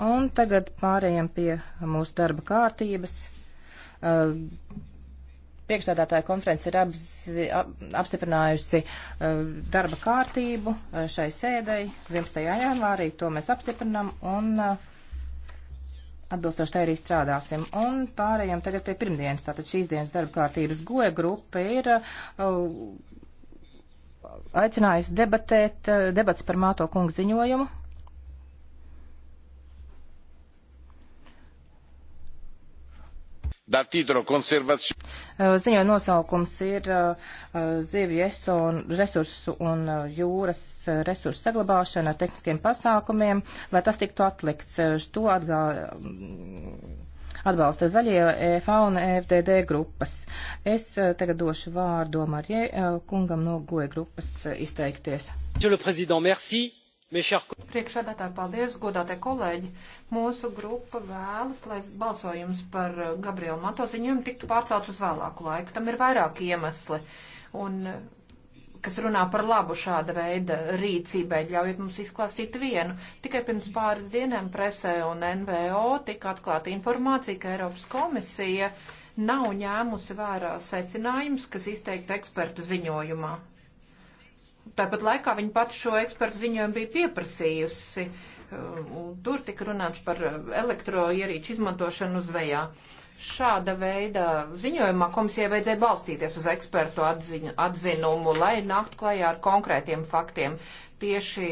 Un tagad pārējiem pie mūsu darba kārtības. Uh, Priekšstādātāja konference ir apzi, ap, apstiprinājusi uh, darba kārtību uh, šai sēdei 11. janvārī. To mēs apstiprinam un uh, atbilstoši tai arī strādāsim. Un pārējiem tagad pie pirmdienas. Tātad šīs dienas darba kārtības goja grupa ir uh, aicinājusi debatēt, uh, debats par Māto kungu ziņojumu dal titolo konservācija. Eh, Ziņo nosaukums ir eh, eh, zivju resursu un jūras resursu saglabāšana ar tehniskiem pasākumiem, lai tas tiktu atlikts. To atgā, mm, atbalsta zaļie EFA un e, FDD grupas. Es tagad došu vārdu Marie kungam no GOE grupas izteikties. Monsieur le Président, merci. Priekšādātāji, paldies, godātie kolēģi. Mūsu grupa vēlas, lai balsojums par Gabrielu Mato ziņojumu tiktu pārcelts uz vēlāku laiku. Tam ir vairāki iemesli, un, kas runā par labu šāda veida rīcībai. Ļaujiet mums izklāstīt vienu. Tikai pirms pāris dienām presē un NVO tika atklāta informācija, ka Eiropas komisija nav ņēmusi vērā secinājumus, kas izteikti ekspertu ziņojumā. Tāpat laikā viņa pati šo ekspertu ziņojumu bija pieprasījusi. Uh, tur tika runāts par elektroierīču izmantošanu zvejā. Šāda veida ziņojumā komisijai vajadzēja balstīties uz ekspertu atziņu, atzinumu, lai nāktu klajā ar konkrētiem faktiem. Tieši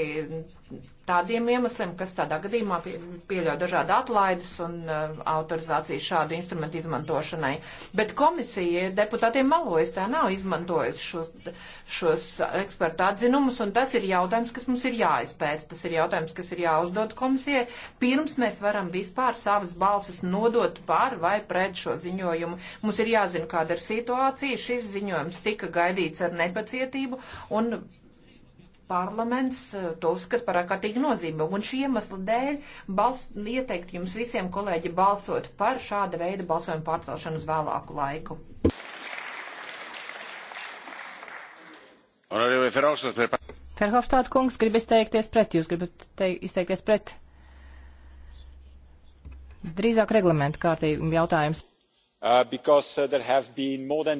tādiem iemesliem, kas tādā gadījumā pie, pieļauj dažādu atlaides un uh, autorizāciju šādu instrumentu izmantošanai. Bet komisija deputātiem malojas, tā nav izmantojusi šos, šos ekspertu atzinumus, un tas ir jautājums, kas mums ir jāizpēta. Tas ir jautājums, kas ir jāuzdod komisijai, pirms mēs varam vispār savas balsas nodot par vai pret šo ziņojumu. Mums ir jāzina, kāda ir situācija. Šis ziņojums tika gaidīts ar nepacietību, un parlaments eh, to uzskata par ārkārtīgi nozīmīgu. Un šī iemesla dēļ bals, ieteikt jums visiem kolēģi balsot par šāda veida balsojumu pārcelšanu uz vēlāku laiku. Ferhofstāda kungs grib izteikties pret, jūs gribat te, izteikties pret. Drīzāk reglamentu kārtību jautājums. Uh, because, uh,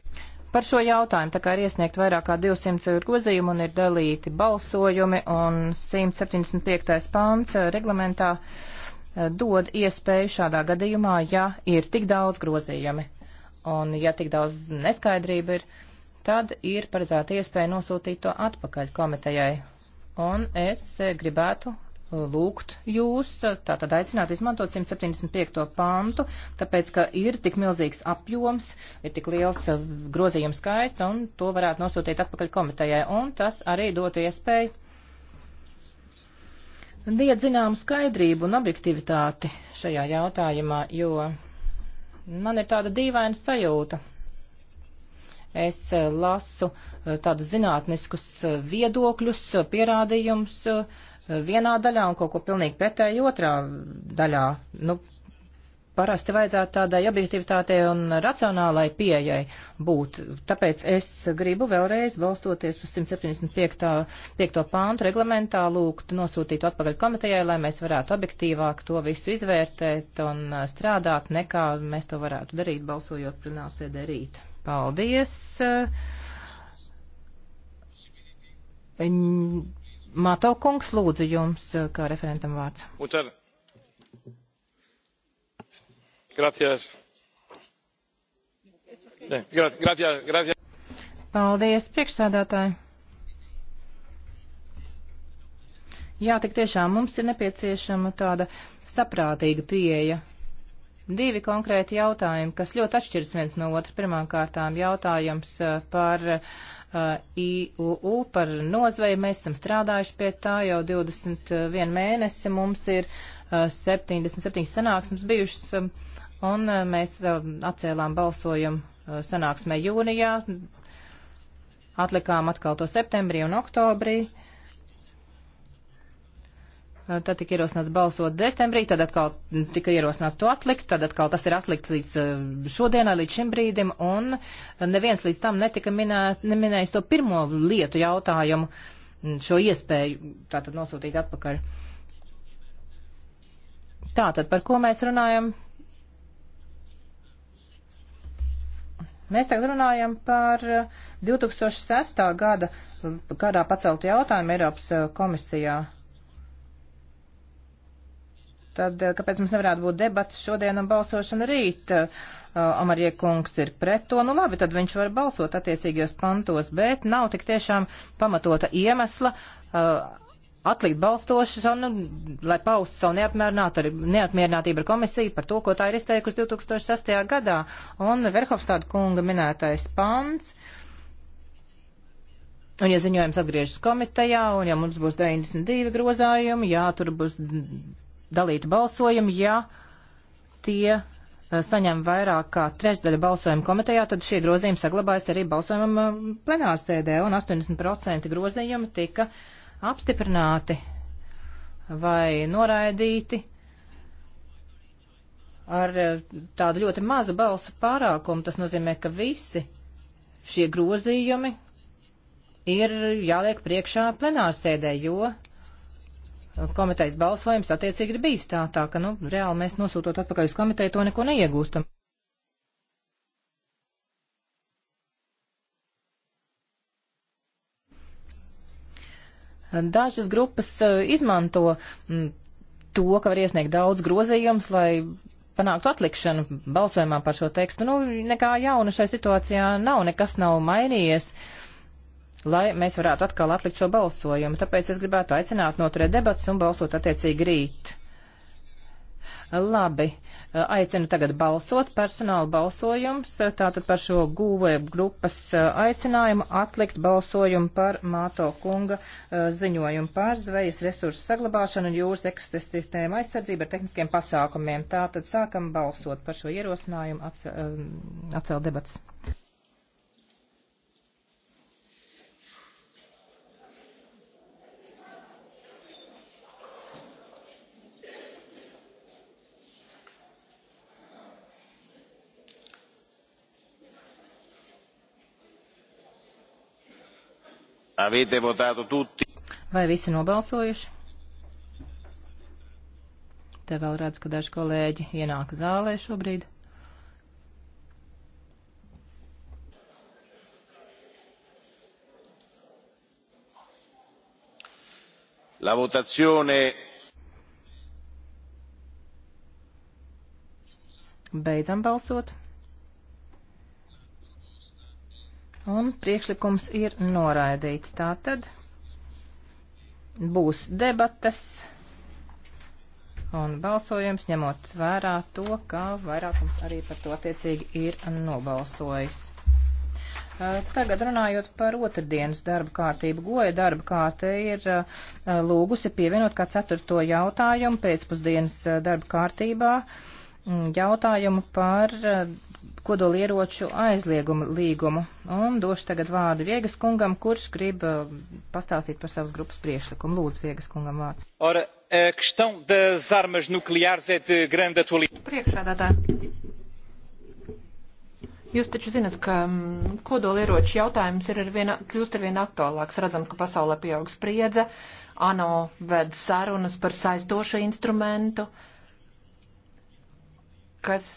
par šo jautājumu. Tā kā ir iesniegt vairāk kā 200 grozījumu un ir dalīti balsojumi un 175. pants reglamentā eh, dod iespēju šādā gadījumā, ja ir tik daudz grozījumi un ja tik daudz neskaidrība ir, tad ir paredzēta iespēja nosūtīt to atpakaļ komitejai. Un es eh, gribētu lūgt jūs, tātad aicināt izmantot 175. pantu, tāpēc, ka ir tik milzīgs apjoms, ir tik liels eh, grozījums skaits, un to varētu nosūtīt atpakaļ komitejai, un tas arī dotu iespēju diet zinām skaidrību un objektivitāti šajā jautājumā, jo man ir tāda dīvaina sajūta. Es eh, lasu eh, tādus zinātniskus viedokļus, pierādījumus, vienā daļā un kaut ko pilnīgi pretēji otrā daļā. Nu, parasti vajadzētu tādai objektivitātei un racionālai pieejai būt. Tāpēc es gribu vēlreiz, balstoties uz 175. pāntu reglamentā, lūgt nosūtīt atpakaļ komitejai, lai mēs varētu objektīvāk to visu izvērtēt un uh, strādāt, nekā mēs to varētu darīt, balsojot plenārsēdē rīt. Paldies! Mato kungs, lūdzu jums eh, kā referentam vārds. Muchas gracias. Eh, gracias, gracias. Paldies, priekšsēdētāji. Jā, tik tiešām mums ir nepieciešama tāda saprātīga pieeja divi konkrēti jautājumi, kas ļoti atšķiras viens no otras. Pirmkārtām jautājums eh, par Uh, IUU par nozveju. Mēs esam strādājuši pie tā jau 21 mēnesi. Mums ir 77 uh, sanāksmes bijušas, um, un uh, mēs atcēlām balsojumu sanāksmē jūnijā. Atlikām atkal to septembrī un oktobrī. Eh, tad tika ierosināts balsot decembrī, tad atkal tika ierosināts to atlikt, tad atkal tas ir atlikts līdz eh, šodienai, līdz šim brīdim, un neviens līdz tam netika minēt, neminējis to pirmo lietu jautājumu, mm, šo iespēju tātad nosūtīt atpakaļ. Tātad par ko mēs runājam? Mēs tagad runājam par 2006. Eh, gada kādā paceltu jautājumu Eiropas komisijā. Tad eh, kāpēc mums nevarētu būt debats šodien un balsošana rīt? Amarie eh, kungs ir pret to, nu labi, tad viņš var balsot attiecīgajos pantos, bet nav tik tiešām pamatota iemesla eh, atlikt balstošas un, nu, lai paustu savu neapmierinātību ar komisiju par to, ko tā ir izteikusi 2006. gadā. Un Verhofstāda kunga minētais pants. Un, ja ziņojums atgriežas komitejā, un ja mums būs 92 grozājumi, jā, tur būs dalītu balsojumu, ja tie eh, saņem vairāk kā trešdaļa balsojuma komitejā, tad šie grozījumi saglabājas arī balsojumam eh, plenārsēdē, un 80% grozījumi tika apstiprināti vai noraidīti ar eh, tādu ļoti mazu balsu pārākumu. Tas nozīmē, ka visi šie grozījumi ir jāliek priekšā plenārsēdē, jo komitejas balsojums attiecīgi ir bijis tā, tā ka, nu, reāli mēs nosūtot atpakaļ uz komiteju to neko neiegūstam. Dažas grupas eh, izmanto mm, to, ka var iesniegt daudz grozījumus, lai panāktu atlikšanu balsojumā par šo tekstu. Nu, nekā jauna šai situācijā nav, nekas nav mainījies. Uh, lai mēs varētu atkal atlikt šo balsojumu. Tāpēc es gribētu aicināt noturēt debats un balsot attiecīgi rīt. Labi, aicinu tagad balsot, personāla balsojums, tātad par šo gūvē e grupas eh, aicinājumu atlikt balsojumu par Māto kunga eh, ziņojumu par zvejas resursu saglabāšanu un jūras ekosistēmu aizsardzību ar tehniskiem pasākumiem. Tātad sākam balsot par šo ierosinājumu atcel, eh, atcel debats. Avete votato tutti? Vai visi nobalsojuši? Te vēl redzu, ka daži kolēģi ienāk zālē šobrīd. La votazione. Beidzam balsot. un priekšlikums ir noraidīts. Tātad būs debatas un balsojums, ņemot vērā to, ka vairākums arī par to attiecīgi ir nobalsojis. Tagad runājot par otrdienas darba kārtību, goja darba kārte ir lūgusi pievienot kā ceturto jautājumu pēcpusdienas darba kārtībā jautājumu par kodolieroču aizliegumu līgumu. Un došu tagad vārdu Viegas kungam, kurš grib uh, pastāstīt par savas grupas priešlikumu. Lūdzu, Viegas kungam vārds. Ora, questão das armas nucleares é de grande atualidade. Priekšādātāji. Jūs taču zinat, ka mm, kodolieroču jautājums ir ar vien, kļūst ar vien aktuālāks. Redzam, ka pasaulē pieaug spriedze, ANO ved sarunas par saistošu instrumentu, kas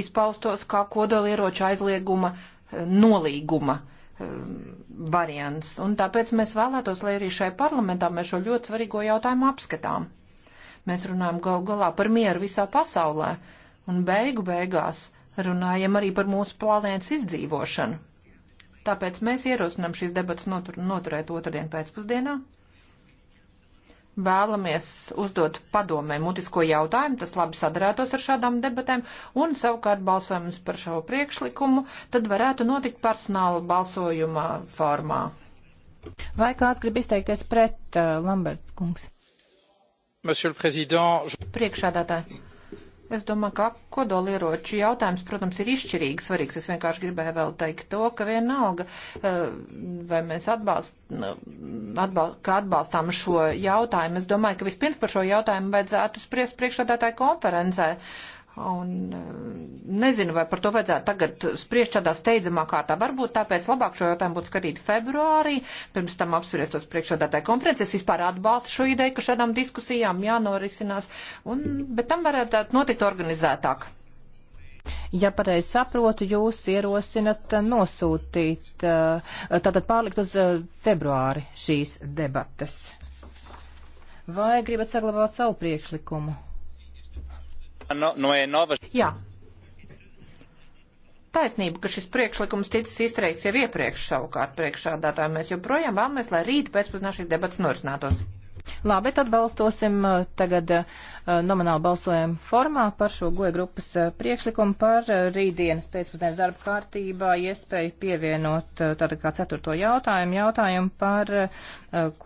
izpaustos kā kodolieroča aizlieguma eh, nolīguma eh, variants. Un tāpēc mēs vēlētos, lai arī šai parlamentā mēs šo ļoti svarīgo jautājumu apskatām. Mēs runājam gal galā par mieru visā pasaulē un beigu beigās runājam arī par mūsu planētas izdzīvošanu. Tāpēc mēs ierosinām šīs debatas notur, noturēt otrdien pēcpusdienā vēlamies uzdot padomē mutisko jautājumu, tas labi sadarētos ar šādām debatēm, un savukārt balsojums par šo priekšlikumu, tad varētu notikt personāla balsojuma formā. Vai kāds grib izteikties pret uh, Lamberts kungs? Priekšādātāji. Es domāju, ka kodolieroču jautājums, protams, ir izšķirīgi svarīgs. Es vienkārši gribēju vēl teikt to, ka vienalga, eh, vai mēs atbalst, nu, atbal, atbalstām šo jautājumu. Es domāju, ka vispirms par šo jautājumu vajadzētu spriest priekšādātāju konferencē. Uh, Un eh, nezinu, vai par to vajadzētu tagad spriest šādā steidzamā kārtā. Varbūt tāpēc labāk šo jautājumu būtu skatīt februārī, pirms tam apspriestos priekšādātāju konferences. Es vispār atbalstu šo ideju, ka šādām diskusijām jānorisinās, un, bet tam varētu notikt organizētāk. Ja pareizi saprotu, jūs ierosinat eh, nosūtīt, eh, tātad pārlikt uz februāri šīs debates. Vai gribat saglabāt savu priekšlikumu? No, no e nova... Jā. Taisnība, ka šis priekšlikums ticis izteikts jau iepriekš savukārt priekšādātājiem. Mēs joprojām vēlamies, lai rīt pēcpusdienā šīs debats norisinātos. Labi, tad balstosim uh, tagad uh, nomināli balsojumu formā par šo goja grupas uh, priekšlikumu par rītdienas pēcpusdienas darba kārtībā iespēju pievienot tātad kā ceturto jautājumu, jautājumu par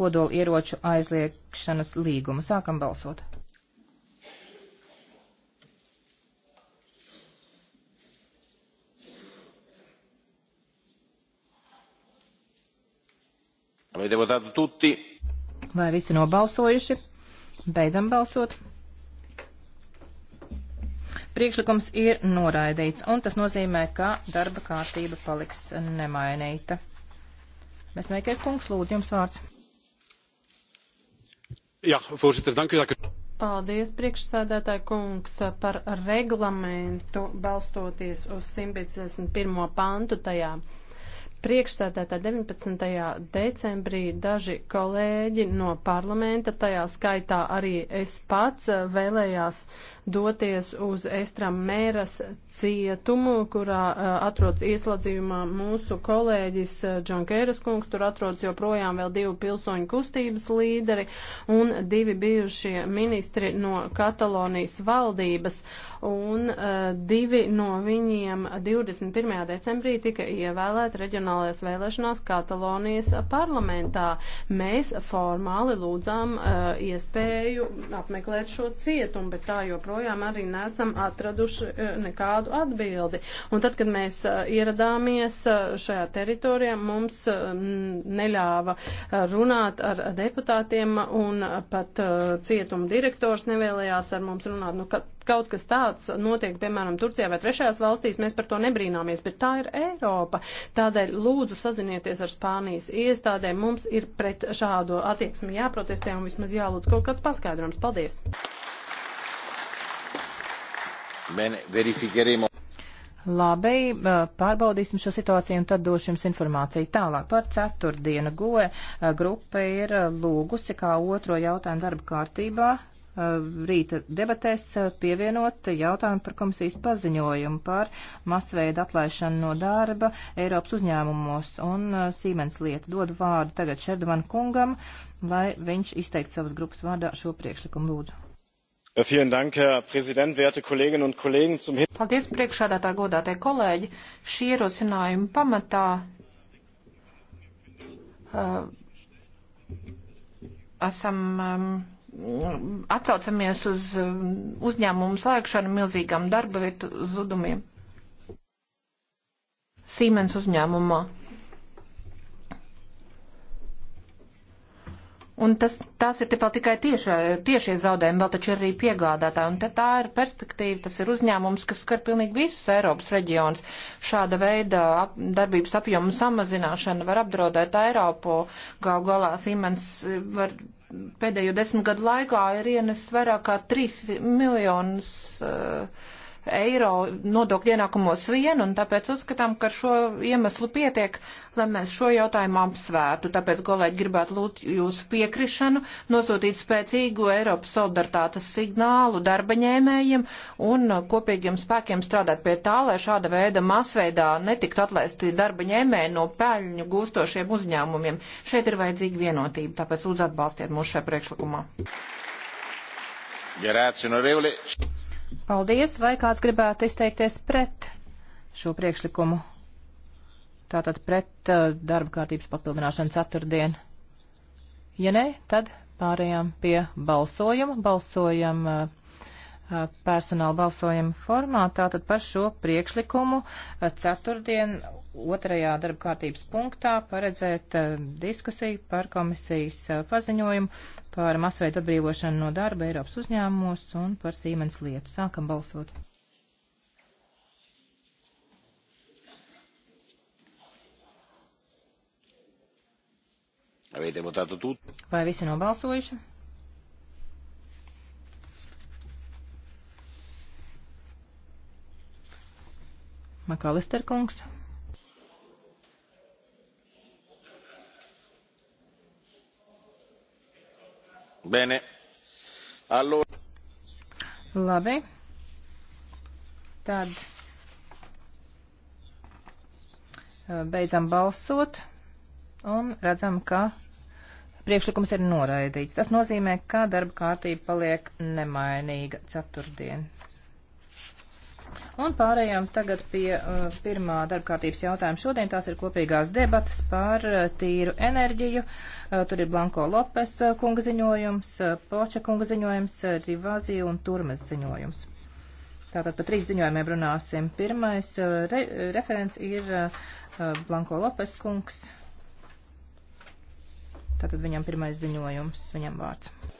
kodolu ieroču aizliekšanas līgumu. Sākam balsot. Avete votato tutti? Vai visi nobalsojuši? Beidzam balsot. Priekšlikums ir noraidīts, un tas nozīmē, ka darba kārtība paliks nemainīta. Mēs meklējam, kungs, lūdzu, jums vārds. Jā, voorzitter, dank u dat ik. Paldies, priekšsēdētāji kungs, par reglamentu balstoties uz 151. pantu tajā priekšsēdētā 19. decembrī daži kolēģi no parlamenta, tajā skaitā arī es pats, vēlējās doties uz Estram mēras cietumu, kurā uh, atrodas ieslodzījumā mūsu kolēģis Džankēras uh, kungs. Tur atrodas joprojām vēl divi pilsoņu kustības līderi un divi bijušie ministri no Katalonijas valdības. Uh, un uh, divi no viņiem 21. decembrī tika ievēlēti reģionālajās vēlēšanās Katalonijas parlamentā. Mēs formāli lūdzām uh, iespēju apmeklēt šo cietumu, bet tā joprojām arī nesam atraduši uh, nekādu atbildi. Un tad, kad mēs uh, ieradāmies uh, šajā teritorijā, mums uh, neļāva uh, runāt ar deputātiem un pat uh, cietuma direktors nevēlējās ar mums runāt. Nu, ka, kaut kas tāds notiek, piemēram, Turcijā vai trešajās valstīs, mēs par to nebrīnāmies, bet tā ir Eiropa. Tādēļ lūdzu sazinieties ar Spānijas iestādēm. Mums ir pret šādu attieksmi jāprotestē un vismaz jālūdz kaut kāds paskaidrojums. Paldies! Bene, verificheremo. Labi, eh, pārbaudīsim šo situāciju un tad došu jums informāciju tālāk par ceturtdienu. Goe eh, grupa ir eh, lūgusi kā otro jautājumu darba kārtībā rīta debatēs pievienot jautājumu par komisijas paziņojumu par masveida atlaišanu no darba Eiropas uzņēmumos un uh, Siemens lietu. Dodu vārdu tagad Šerdaman kungam, lai viņš izteikt savas grupas vārdā šo priekšlikumu lūdzu. Dank, Herr Präsident, werte Kolleginnen und Kollegen, zum Hin Paldies priekšādātāji, godātie kolēģi. Šī ierosinājuma pamatā uh, esam um, atsaucamies uz um, uzņēmumu slēgšanu, milzīgām darba vietu zudumiem. Siemens uzņēmumā. Un tas, tās ir vēl tikai tiešā, tiešie zaudējumi, vēl taču ir arī piegādātāji. Un tā ir perspektīva, tas ir uzņēmums, kas skar pilnīgi visus Eiropas reģionus. Šāda veida ap, darbības apjomu samazināšana var apdraudēt Eiropu. Gal galā Siemens var pēdējo desmit gadu laikā ir ienesis vairāk kā trīs miljonus uh, eiro nodokļu ienākumos vien, un tāpēc uzskatām, ka šo iemeslu pietiek, lai mēs šo jautājumu apsvērtu. Tāpēc, kolēģi, gribētu lūgt jūsu piekrišanu, nosūtīt spēcīgu Eiropas solidaritātes signālu darbaņēmējiem un kopīgiem spēkiem strādāt pie tā, lai šāda veida masveidā netiktu atlaisti darbaņēmēji no peļņu gūstošiem uzņēmumiem. Šeit ir vajadzīga vienotība, tāpēc lūdzu atbalstiet mūs šajā priekšlikumā. Grazie, onorevole. Paldies, vai kāds gribētu izteikties pret šo priekšlikumu? Tātad pret uh, darba kārtības papildināšanu ceturtdien. Ja nē, tad pārējām pie balsojuma. Balsojam uh, personāla balsojuma formātā, tad par šo priekšlikumu ceturtdien otrajā darba kārtības punktā paredzēt diskusiju par komisijas paziņojumu par masveidu atbrīvošanu no darba Eiropas uzņēmumos un par Siemens lietu. Sākam balsot. Vai visi nobalsojuši? Makalister kungs. Bene. Allora. Labi. Tad eh, beidzam balsot un redzam, ka priekšlikums ir noraidīts. Tas nozīmē, ka darba kārtība paliek nemainīga ceturtdien. Un pārējām tagad pie uh, pirmā darbkārtības jautājuma. Šodien tās ir kopīgās debatas par uh, tīru enerģiju. Uh, tur ir Blanko Lopes uh, kunga ziņojums, uh, Poča kunga ziņojums, uh, Rivāzija un Turmes ziņojums. Tātad par trīs ziņojumiem runāsim. Pirmais uh, re, referents ir uh, uh Blanko Lopes kungs. Tātad viņam pirmais ziņojums, viņam vārds.